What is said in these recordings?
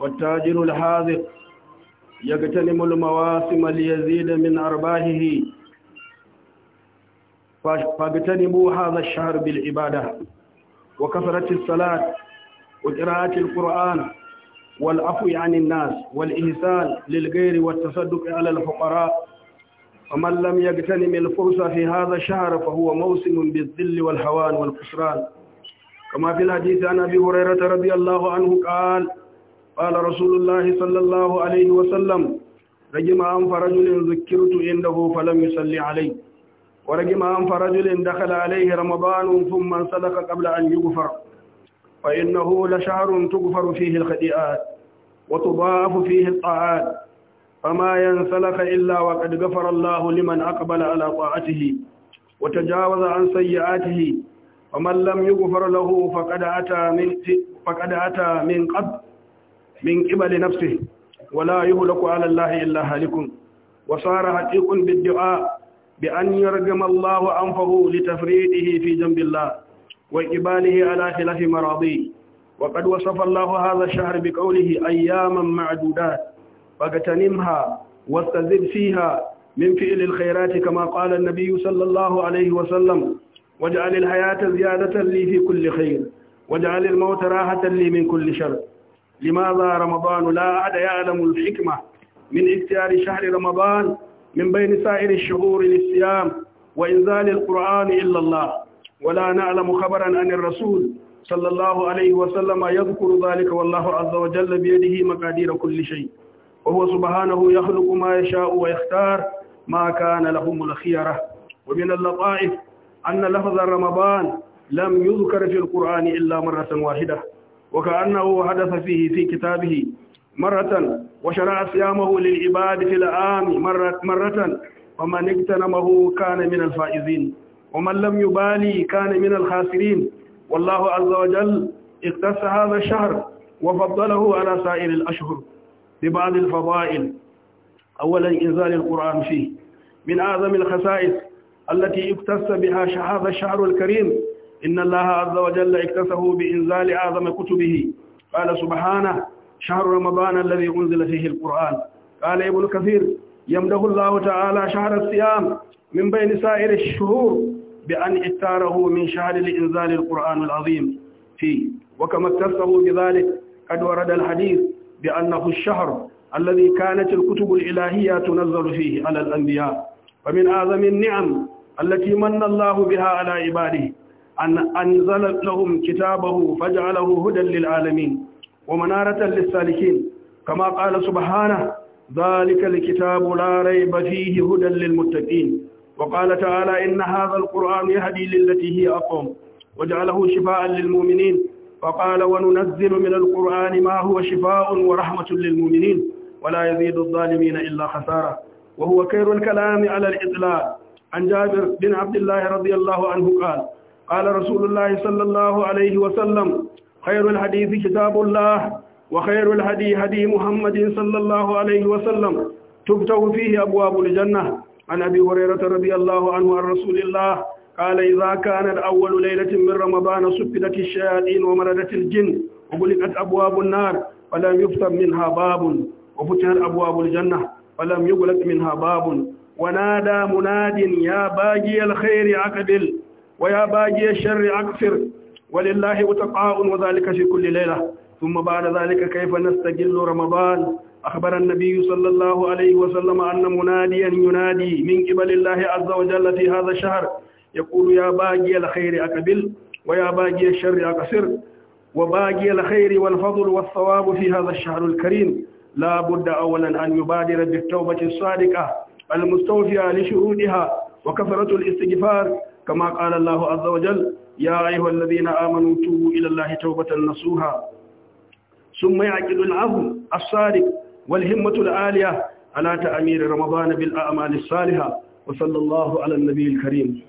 والتاجر الحاذق يغتنم المواسم ليزيد من أرباهه فاغتنموا هذا الشهر بالعبادة وكثرة الصلاة وقراءة القرآن والعفو عن الناس والإحسان للغير والتصدق على الفقراء ومن لم يغتنم الفرصة في هذا الشهر فهو موسم بالذل والهوان والخسران كما في الحديث عن أبي هريرة رضي الله عنه قال قال رسول الله صلى الله عليه وسلم رجم أنف رجل ذكرت عنده فلم يصلي عليه ورجم أنف رجل دخل عليه رمضان ثم انسلق قبل أن يغفر فإنه لشهر تغفر فيه الخطيئات وتضاعف فيه الطاعات فما ينسلخ إلا وقد غفر الله لمن أقبل على طاعته وتجاوز عن سيئاته ومن لم يغفر له فقد أتى من فقد أتى من قبل من قبل نفسه ولا يهلك على الله إلا هالك وصار حقيق بالدعاء بأن يرجم الله أنفه لتفريده في جنب الله وإقباله على خلاف مراضيه وقد وصف الله هذا الشهر بقوله أياما معدودات فاغتنمها واستذب فيها من فعل الخيرات كما قال النبي صلى الله عليه وسلم واجعل الحياة زيادة لي في كل خير واجعل الموت راحة لي من كل شر لماذا رمضان لا أحد يعلم الحكمة من اختيار شهر رمضان من بين سائر الشهور للصيام وإنزال القرآن إلا الله ولا نعلم خبرا عن الرسول صلى الله عليه وسلم يذكر ذلك والله عز وجل بيده مقادير كل شيء وهو سبحانه يخلق ما يشاء ويختار ما كان لهم الخيرة ومن اللطائف أن لفظ رمضان لم يذكر في القرآن إلا مرة واحدة وكأنه حدث فيه في كتابه مرة وشرع صيامه للعباد في العام مرة, مرة ومن اغتنمه كان من الفائزين ومن لم يبالي كان من الخاسرين والله عز وجل اقتص هذا الشهر وفضله على سائر الأشهر ببعض الفضائل أولا إنزال القرآن فيه من أعظم الخسائس التي اقتص بها هذا الشهر الكريم إن الله عز وجل اكتسه بإنزال أعظم كتبه قال سبحانه شهر رمضان الذي أنزل فيه القرآن قال ابن كثير يمده الله تعالى شهر الصيام من بين سائر الشهور بأن اتاره من شهر لإنزال القرآن العظيم فيه وكما اكتسه بذلك قد ورد الحديث بأنه الشهر الذي كانت الكتب الإلهية تنزل فيه على الأنبياء فمن أعظم النعم التي من الله بها على عباده أن أنزل لهم كتابه فجعله هدى للعالمين ومنارة للسالكين كما قال سبحانه ذلك الكتاب لا ريب فيه هدى للمتقين وقال تعالى إن هذا القرآن يهدي للتي هي أقوم وجعله شفاء للمؤمنين وقال وننزل من القرآن ما هو شفاء ورحمة للمؤمنين ولا يزيد الظالمين إلا خسارة وهو كير الكلام على الإطلاق عن جابر بن عبد الله رضي الله عنه قال قال رسول الله صلى الله عليه وسلم خير الحديث كتاب الله وخير الهدي هدي محمد صلى الله عليه وسلم تفتح فيه أبواب الجنة عن أبي هريرة رضي الله عنه عن رسول الله قال إذا كانت أول ليلة من رمضان سفدت الشياطين ومردت الجن وبلغت أبواب النار فلم يفتح منها باب وفتحت أبواب الجنة ولم يغلق منها باب ونادى مناد يا باجي الخير أقبل ويا باجي الشر أكفر ولله وتقاء وذلك في كل ليلة ثم بعد ذلك كيف نستجل رمضان أخبر النبي صلى الله عليه وسلم أن مناديا ينادي من قبل الله عز وجل في هذا الشهر يقول يا باجي الخير أقبل ويا باجي الشر أقصر وباجي الخير والفضل والثواب في هذا الشهر الكريم لا بد أولا أن يبادر بالتوبة الصادقة المستوفية لشهودها وكثرة الاستغفار كما قال الله عز وجل يا أيها الذين آمنوا توبوا إلى الله توبة نصوها ثم يعقد العظم الصادق والهمة العالية على تأمير رمضان بالأعمال الصالحة وصلى الله على النبي الكريم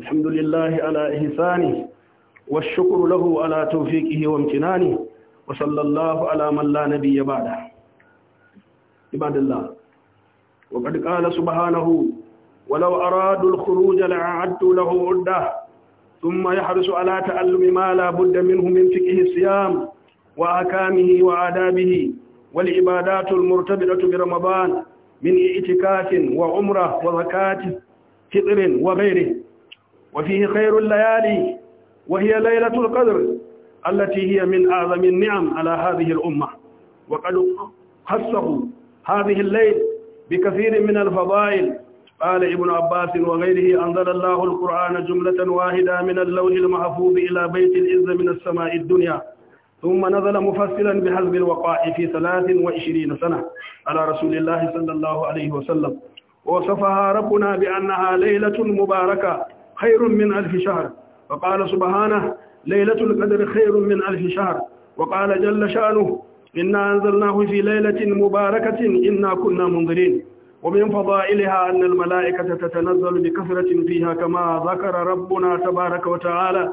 الحمد لله على إحسانه والشكر له على توفيقه وامتنانه وصلى الله على من لا نبي بعده عباد الله وقد قال سبحانه ولو أرادوا الخروج لأعدوا له عدة ثم يحرص على تعلم ما لا بد منه من فقه الصيام وأحكامه وآدابه والعبادات المرتبطة برمضان من اعتكاف وعمرة وزكاة فطر وغيره وفيه خير الليالي وهي ليلة القدر التي هي من أعظم النعم على هذه الأمة وقد خصه هذه الليل بكثير من الفضائل قال ابن عباس وغيره أنزل الله القرآن جملة واحدة من اللوح المحفوظ إلى بيت العز من السماء الدنيا ثم نزل مفصلا بحزب الوقائع في 23 سنة على رسول الله صلى الله عليه وسلم وصفها ربنا بأنها ليلة مباركة خير من ألف شهر فقال سبحانه ليلة القدر خير من ألف شهر وقال جل شأنه إنا أنزلناه في ليلة مباركة إنا كنا منذرين ومن فضائلها أن الملائكة تتنزل بكثرة فيها كما ذكر ربنا تبارك وتعالى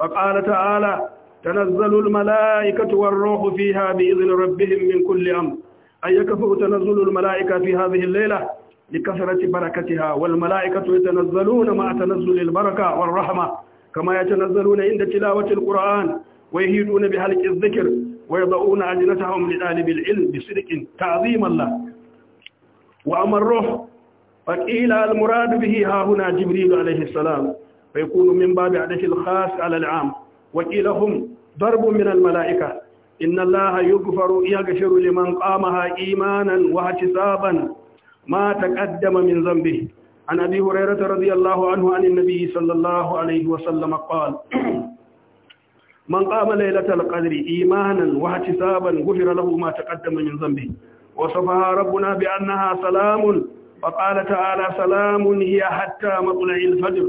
فقال تعالى تنزل الملائكة والروح فيها بإذن ربهم من كل أمر أي يكفر تنزل الملائكة في هذه الليلة لكثرة بركتها والملائكة يتنزلون مع تنزل البركة والرحمة كما يتنزلون عند تلاوة القرآن ويهيدون بحلق الذكر ويضعون أجنتهم لطالب العلم بصدق تعظيم الله وأما الروح فقيل المراد به ها هنا جبريل عليه السلام فيكون من باب عدد الخاص على العام وقيل هم ضرب من الملائكة إن الله يغفر يغفر لمن قامها إيمانا واحتسابا ما تقدم من ذنبه عن أبي هريرة رضي الله عنه عن النبي صلى الله عليه وسلم قال من قام ليلة القدر إيمانا واحتسابا غفر له ما تقدم من ذنبه وصفها ربنا بأنها سلام وقال تعالى سلام هي حتى مطلع الفجر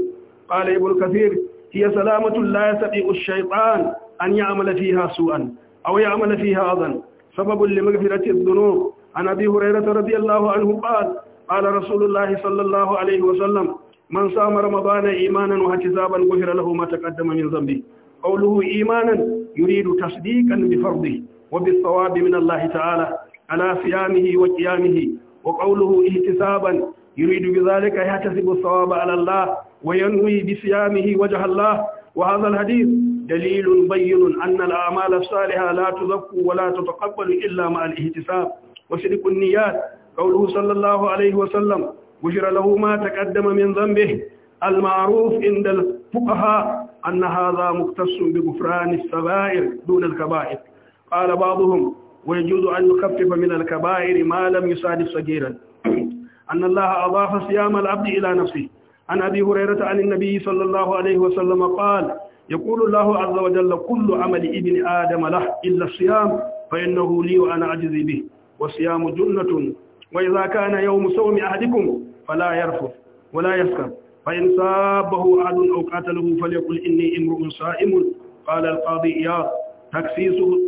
قال ابن كثير هي سلامة لا يستطيع الشيطان أن يعمل فيها سوءا أو يعمل فيها أذى سبب لمغفرة الذنوب عن أبي هريرة رضي الله عنه قال قال رسول الله صلى الله عليه وسلم من صام رمضان إيمانا واحتسابا غفر له ما تقدم من ذنبه قوله إيمانا يريد تصديقا بفرضه وبالثواب من الله تعالى على صيامه وقيامه وقوله احتسابا يريد بذلك يحتسب الثواب على الله وينوي بصيامه وجه الله وهذا الحديث دليل بين أن الأعمال الصالحة لا تزكو ولا تتقبل إلا مع الاحتساب وشرك النيات قوله صلى الله عليه وسلم غفر له ما تقدم من ذنبه المعروف عند الفقهاء أن هذا مختص بغفران السبائر دون الكبائر قال بعضهم ويجوز أن يخفف من الكبائر ما لم يصادف صغيرا أن الله أضاف صيام العبد إلى نفسه عن أبي هريرة عن النبي صلى الله عليه وسلم قال يقول الله عز وجل كل عمل ابن آدم له إلا الصيام فإنه لي وأنا أجزي به والصيام جنة وإذا كان يوم صوم أحدكم فلا يرفث ولا يسكر فإن صابه أحد أو قاتله فليقل إني امرؤ صائم قال القاضي إياه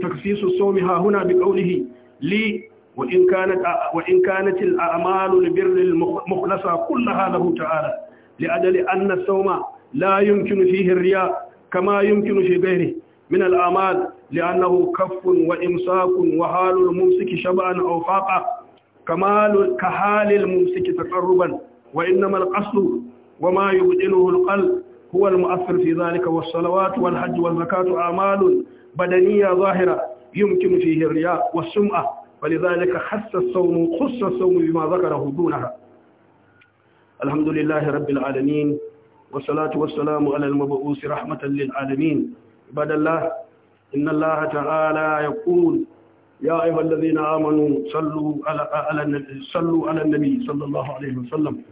تكسيس الصوم ها هنا بقوله لي وإن كانت وإن كانت الأعمال البر المخلصة كلها له تعالى لأجل أن الصوم لا يمكن فيه الرياء كما يمكن في غيره من الأعمال لأنه كف وإمساك وحال الممسك شبعا أو فاقا كمال كحال الممسك تقربا وإنما القصد وما يبدله القلب هو المؤثر في ذلك والصلوات والحج والزكاة أعمال بدنية ظاهرة يمكن فيه الرياء والسمعة ولذلك خص الصوم خص الصوم بما ذكره دونها الحمد لله رب العالمين والصلاة والسلام على المبعوث رحمة للعالمين عباد الله إن الله تعالى يقول يا أيها الذين آمنوا صلوا على النبي صلوا على النبي صلى الله عليه وسلم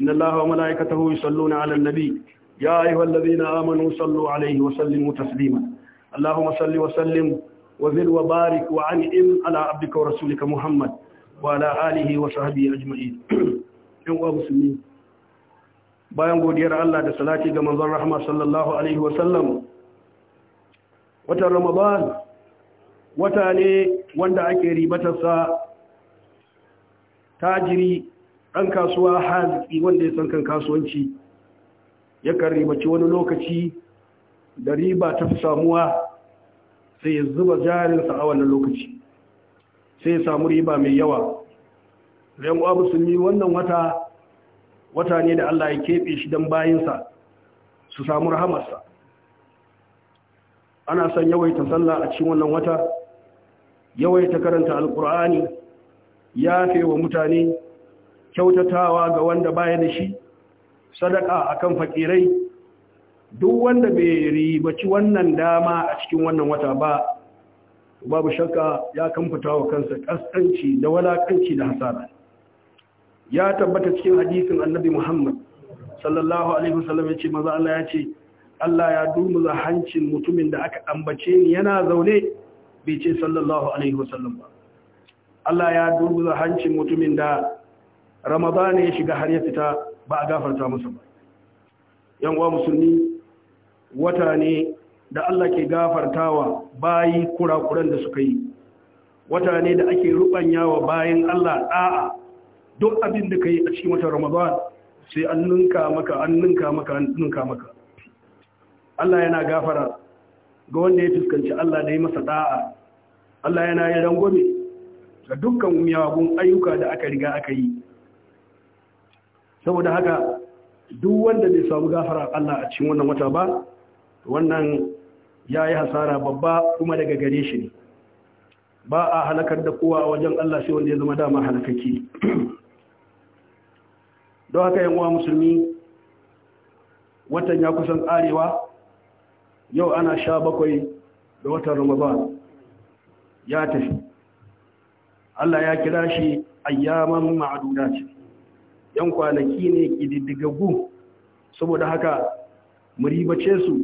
إن الله وملائكته يصلون على النبي يا أيها الذين آمنوا صلوا عليه وسلموا تسليما اللهم صل وسلم وذل وبارك وعنئم على عبدك ورسولك محمد وعلى آله وصحبه أجمعين يوم مسلمين bayan godiyar Allah da salati ga manzon rahma sallallahu alaihi wasallam watan ramadan wata ne wanda ake ribatarsa tajiri ɗan kasuwa haziki wanda ya san kan kasuwanci ya yakan ribaci wani lokaci da riba ta fi samuwa sai ya zuba jarinsa a wannan lokaci sai ya samu riba mai yawa rayan uwa musulmi wannan wata wata ne da Allah ya keɓe shi don bayinsa su samu rahamarsa ana son yawaita sallah a cikin wannan wata Yawai ta karanta alkur'ani fi wa mutane kyautatawa ga wanda baya da shi sadaka akan fakirai duk wanda bai ribaci wannan dama a cikin wannan wata ba babu shakka ya kamfuta wa kansa kaskanci da walakanci da hasara ya tabbata cikin hadisin annabi muhammad sallallahu alaihi wasallam yace maza Allah yace Allah ya dumuza hancin mutumin da aka ambace ni yana zaune bai ce sallallahu alaihi wasallam ba Allah ya durguza hancin mutumin da ramadana ya shiga har ya fita ba a gafarta masa ba yan uwa musulmi wata ne da Allah ke gafartawa bayi kurakuran da suka yi wata ne da ake rubanyawa bayan Allah aa duk abin da kai a cikin watan Ramadan sai an ninka maka an ninka maka an ninka maka Allah yana gafara ga wanda ya fuskanci Allah da ya masa da'a Allah yana yi rangwame ga dukkan miyagun ayyuka da aka riga aka yi saboda haka duk wanda bai samu gafara Allah a cikin wannan wata ba wannan ya yi hasara babba kuma daga gare shi ne ba a halakar da kowa a wajen Allah sai wanda ya zama dama halakaki don haka yan uwa musulmi watan ya kusan karewa yau ana sha bakwai da watan ramadan ya tafi Allah ya kira shi ayyaman ma'aduda ce yan kwanaki ne ƙididdigaggu saboda haka mu ribace su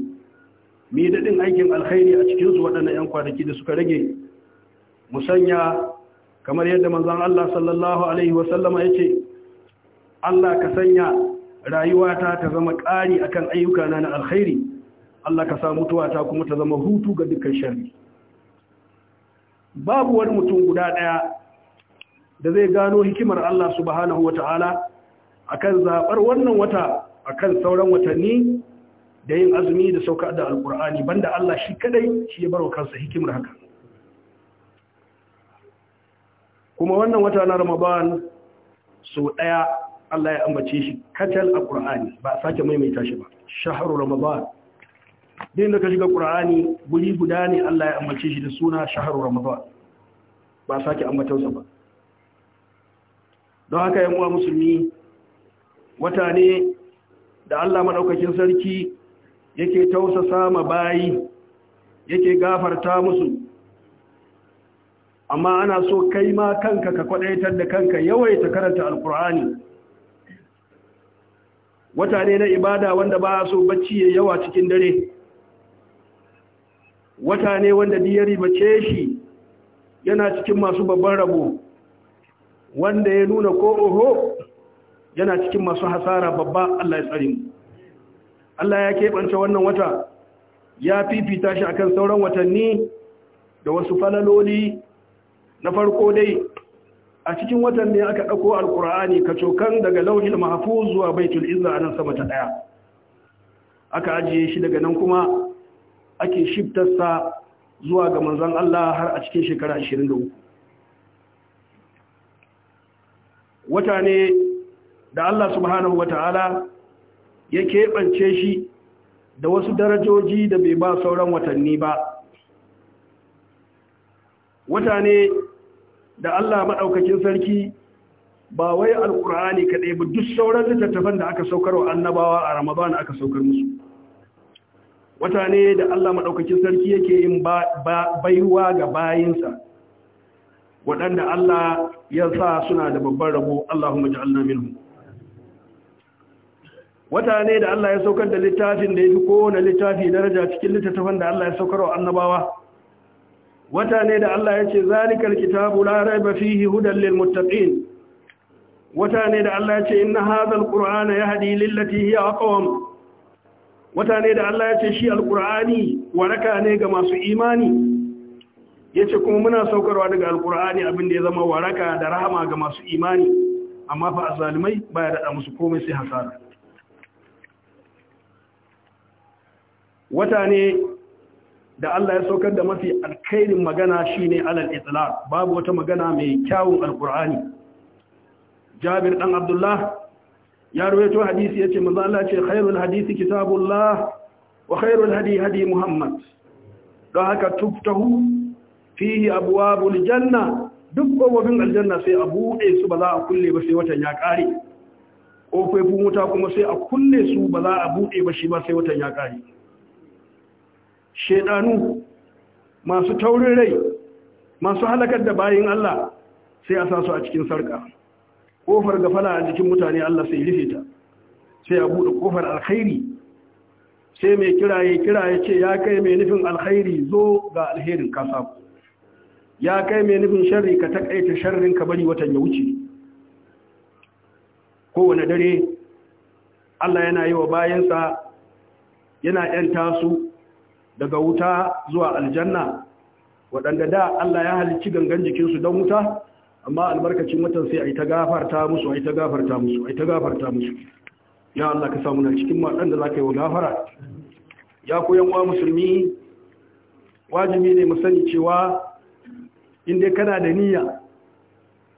mu daɗin aikin alkhairi a cikinsu waɗannan yan kwanaki da suka rage musanya kamar yadda manzan Allah sallallahu alaihi wasallama ya ce Allah ka sanya rayuwata ta zama ƙari akan ayyukana na alkhairi Allah ka samu mutuwa ta kuma ta zama hutu ga dukkan sharri babu wani mutum guda ɗaya da zai gano hikimar Allah subhanahu wata'ala akan zabar wannan wata akan sauran watanni da yin azumi da sauka da alkur'ani banda Allah shi kadai shi ya baro kansa hikimar haka kuma wannan wata na Ramadan su ɗaya Allah ya ambace shi katal ƙurani ba a sake maimaita shi ba shahru ramadan din da ka shiga qur'ani guri guda ne Allah ya ambace shi da suna shahru ramadan ba sake ambatansa ba don haka yan uwa musulmi wata ne da Allah madaukakin sarki yake tausasa ma bayi yake gafarta musu amma ana so kai ma kanka ka kwadaitar da kanka yawaita karanta alkur'ani wata ne na ibada wanda ba so bacci ya yawa cikin dare wata ne wanda ya ribace shi yana cikin masu babban rabo wanda ya nuna ko oho yana cikin masu hasara babba Allah ya tsari mu Allah ya keɓance wannan wata ya fifita shi akan sauran watanni da wasu falaloli na farko dai a cikin watan ne aka ɗauko alkur'ani kacokan daga lauhin Mahfuz zuwa baitul izza a nan sama ta ɗaya aka ajiye shi daga nan kuma ake shiftarsa zuwa ga manzan Allah har a cikin shekara 23 wata ne da Allah subhanahu wa ta'ala ya keɓance shi da wasu darajoji da bai ba sauran watanni ba wata ne da Allah maɗaukakin sarki ba wai alƙur'ani kaɗai ba duk sauran littattafan da aka saukar wa annabawa a ramadan aka saukar musu wata da Allah maɗaukakin sarki yake yin baiwa ga bayinsa waɗanda Allah ya sa suna da babban rabo Allahumma ja'alna minhu wata ne da Allah ya saukar da littafin da ya fi kowane littafi daraja cikin littattafan da Allah ya saukarwa annabawa wata ne da Allah ya ce zalikal kitabu la raiba fihi hudan lil muttaqin wata ne da Allah ya ce inna hadhal ya haɗi lillati ya aqwam Watane da Allah ya ce shi alkur'ani waraka ne ga masu imani ya ce kuma muna saukarwa daga alkur'ani abinda ya zama waraka da rahama ga masu imani amma fa azalimai baya daɗa musu komai sai hasara wata ne da Allah ya saukar da mafi alkairin magana shine alal itlaq babu wata magana mai kyawun alkur'ani jabir dan abdullah ya rawaito hadisi yace manzo Allah ce khairul hadisi kitabullah wa khairul hadi hadi muhammad don haka tuftahu fihi abwabul janna duk kofofin aljanna sai a buɗe su ba za a kulle ba sai watan ya ƙare fu wuta kuma sai a kulle su ba za a buɗe ba shi ba sai watan ya ƙare shedanu masu taurin rai masu halakar da bayin Allah sai a sasu a cikin sarka kofar ga gafala a jikin mutane Allah sai rufe ta sai ya buɗe kofar alkhairi sai mai kiraye, kiraye ce ya kai mai nufin alkhairi zo ga alherin ka samu ya kai mai nufin sharri ka takaita sharrin ka bari watan ya wuce kowane dare Allah yana yi wa bayansa yana ƴanta su daga wuta zuwa aljanna waɗanda da Allah ya halicci gangan jikinsu don wuta amma albarkacin watan sai a yi ta gafarta musu a yi ta gafarta musu a yi ta gafarta musu ya Allah ka samu na cikin matan da za ka yi wa gafara ya koyan wa musulmi wajibi ne mu sani cewa inda kana da niyya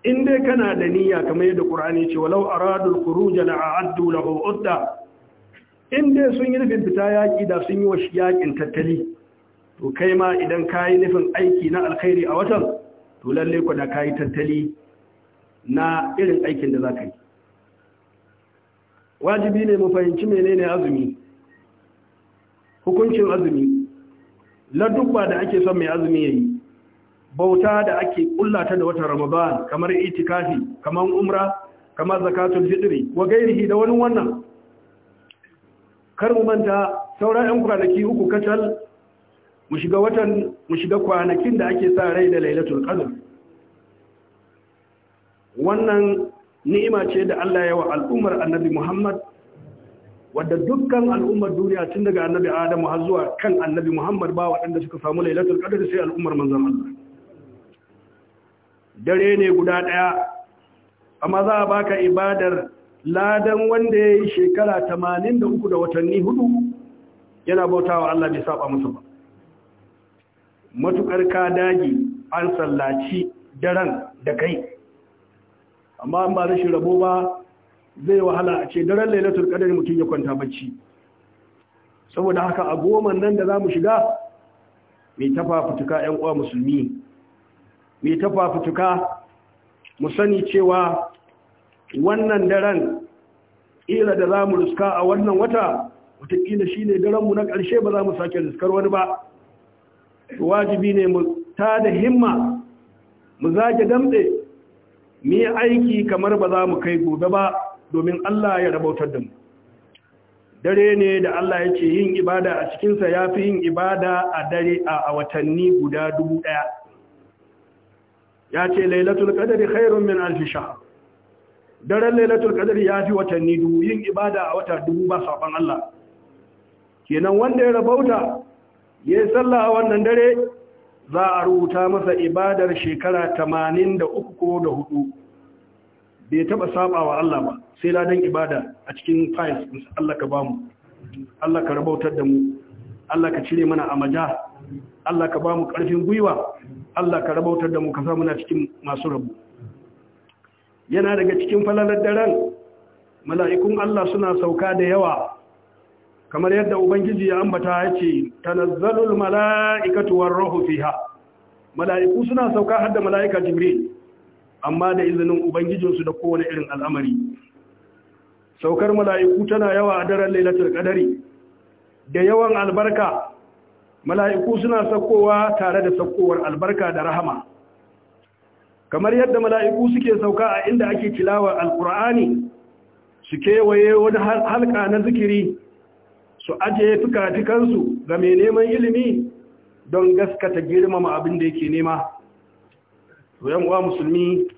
inda kana da niyya kamar yadda qur'ani ce walau aradul khuruja la'addu lahu udda inda sun yi nufin fita yaki da sun yi wa yakin tattali to kai ma idan kai nufin aiki na alkhairi a watan to lalle ku da kayi tattali na irin aikin da za ka yi wajibi ne mu fahimci menene azumi hukuncin azumi ladubba da ake son mai azumi yayi bauta da ake kullata da watan ramadan kamar itikafi kamar umra kamar zakatul fitri wa gairihi da wani wannan kar mu manta saura yan kwanaki uku kacal mu shiga kwanakin da ake sa rai da lailatul qadr wannan ni'ima ce da Allah ya wa al'ummar annabi Muhammad wadda dukkan al'ummar duniya tun daga annabi Adamu har zuwa kan annabi Muhammad ba waɗanda suka samu lailatul qadr sai al'ummar manzon Allah dare ne guda ɗaya amma za a baka ibadar ladan wanda ya yi shekara 83 da watanni hudu yana bautawa Allah bai saba masa ba matukar ka dage an sallaci daren da kai amma ba rashin rabo ba zai wahala a ce daren lailatul qadar mutum ya kwanta bacci saboda haka a goma nan da zamu shiga mai tafafutuka ƴan uwa musulmi mai tafafutuka mu sani cewa wannan daren ila da zamu ruska a wannan wata wataƙila shine daren mu na ƙarshe ba za mu sake ruskar wani ba wajibi ne mu ta da himma mu zage damɗe mu yi aiki kamar ba za mu kai gobe ba domin Allah ya rabautar da mu dare ne da Allah ya ce yin ibada a cikinsa ya fi yin ibada a dare a watanni guda dubu ɗaya ya ce lailatul qadari khairun min alf shahr daren lailatul qadari ya fi watanni dubu yin ibada a wata dubu ba saban Allah kenan wanda ya rabauta ya yi sallah a wannan dare za a rubuta masa ibadar shekara tamanin da uku ko da hudu bai taba saba wa Allah ba sai ladan ibada a cikin files Allah ka bamu Allah ka rabautar da mu Allah ka cire mana amaja Allah ka bamu karfin gwiwa Allah ka rabautar da mu ka samu na cikin masu rabu yana daga cikin falalar daren mala'ikun Allah suna sauka da yawa kamar yadda ubangiji ya ambata ya ce tanazzalul mala'ikatu war ruhu fiha mala'iku suna sauka da mala'ika jibril amma da izinin ubangijinsu da kowane irin al'amari saukar mala'iku tana yawa a daren lailatul qadari da yawan albarka mala'iku suna saukowa tare da saukowar albarka da rahama kamar yadda mala'iku suke sauka a inda ake tilawar alkur'ani su kewaye wani halka na zikiri su ajiye fikatikansu ga mai neman ilimi don gaskata girmama abin da yake nema uwa musulmi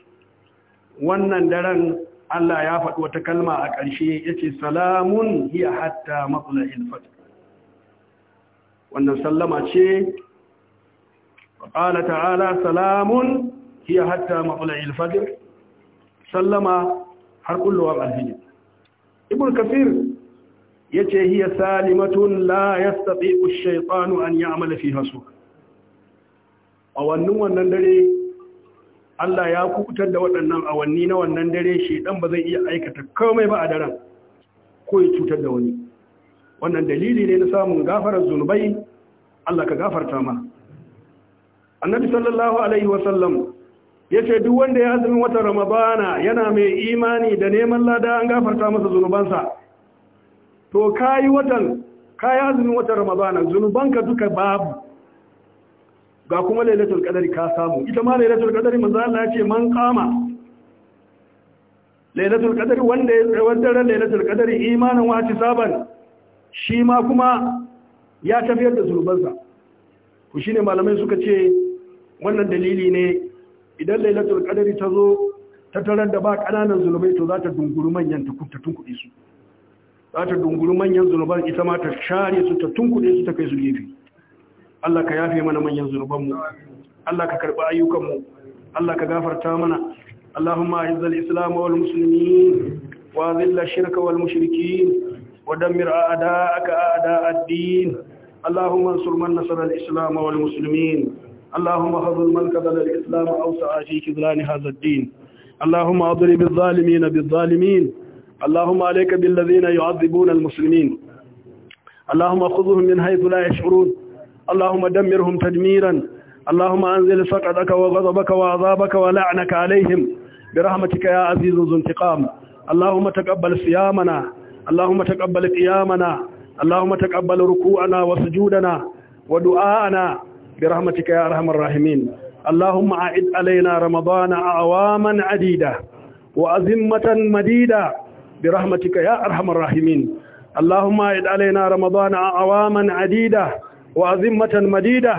wannan daren Allah ya faɗi wata kalma a ƙarshe ya ce salamun hiya hatta matsala ilfat wannan sallama ce ƙala ta'ala salamun hiya hatta matsala ilfat sallama har al alhijir ibn kafir yace hiya salimatun la yastati'u ash-shaytanu an ya'mala fiha su awannin wannan dare Allah ya kutar da waɗannan awanni na wannan dare shi ba zai iya aikata komai ba a daren ko ya cutar da wani wannan dalili ne na samun gafarar zunubai Allah ka gafarta ma annabi sallallahu alaihi wasallam ya ce duk wanda ya azumin wata ramadana yana mai imani da neman lada an gafarta masa zunubansa to kayi watan kayi azumin watan ramadana zunubanka duka babu ga kuma lailatul qadari ka samu ita ma lailatul qadari manzo Allah ya ce man qama lailatul qadari wanda ya tsawar ran lailatul qadari imanin wa saban shi ma kuma ya tafiyar da zunubansa ku shine malamai suka ce wannan dalili ne idan lailatul qadari ta zo ta tarar da ba kananan zunubai to za ta dunguru manyan ta kuɗi su za ta dunguru manyan zunuban ita ma ta share su ta tunkuɗe su ta kai su gefe Allah ka yafe mana manyan zunubanmu Allah ka karɓi ayyukanmu Allah ka gafarta mana Allahumma a'izzal islam wal muslimin wa dhill ash-shirka wal mushrikeen wa dammir a'da'aka a'da'ad-din Allahumma ansur man nasara al-islam wal muslimin Allahumma khadhul man kadhala al-islam awsa'a fi kidlan hadha ad-din Allahumma adrib adh-dhalimin bidh-dhalimin اللهم عليك بالذين يعذبون المسلمين اللهم خذهم من حيث لا يشعرون اللهم دمرهم تدميرا اللهم أنزل سقطك وغضبك وعذابك ولعنك عليهم برحمتك يا عزيز ذو انتقام اللهم تقبل صيامنا اللهم تقبل قيامنا اللهم تقبل ركوعنا وسجودنا ودعاءنا برحمتك يا أرحم الراحمين اللهم أعد علينا رمضان أعواما عديدة وأزمة مديدة برحمتك يا أرحم الراحمين اللهم اعد علينا رمضان عواما عديدة وأذمة مديدة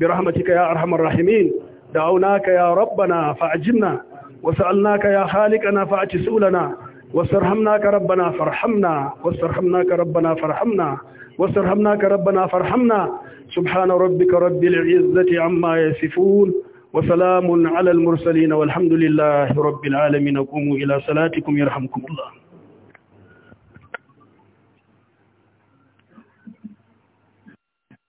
برحمتك يا أرحم الراحمين دعوناك يا ربنا فأعجبنا وسألناك يا خالقنا فأتسؤلنا واسترحمناك ربنا فرحمنا واسترحمناك ربنا فارحمنا واسترحمناك ربنا فارحمنا سبحان ربك رب العزة عما يصفون وسلام على المرسلين والحمد لله رب العالمين قوموا إلى صلاتكم يرحمكم الله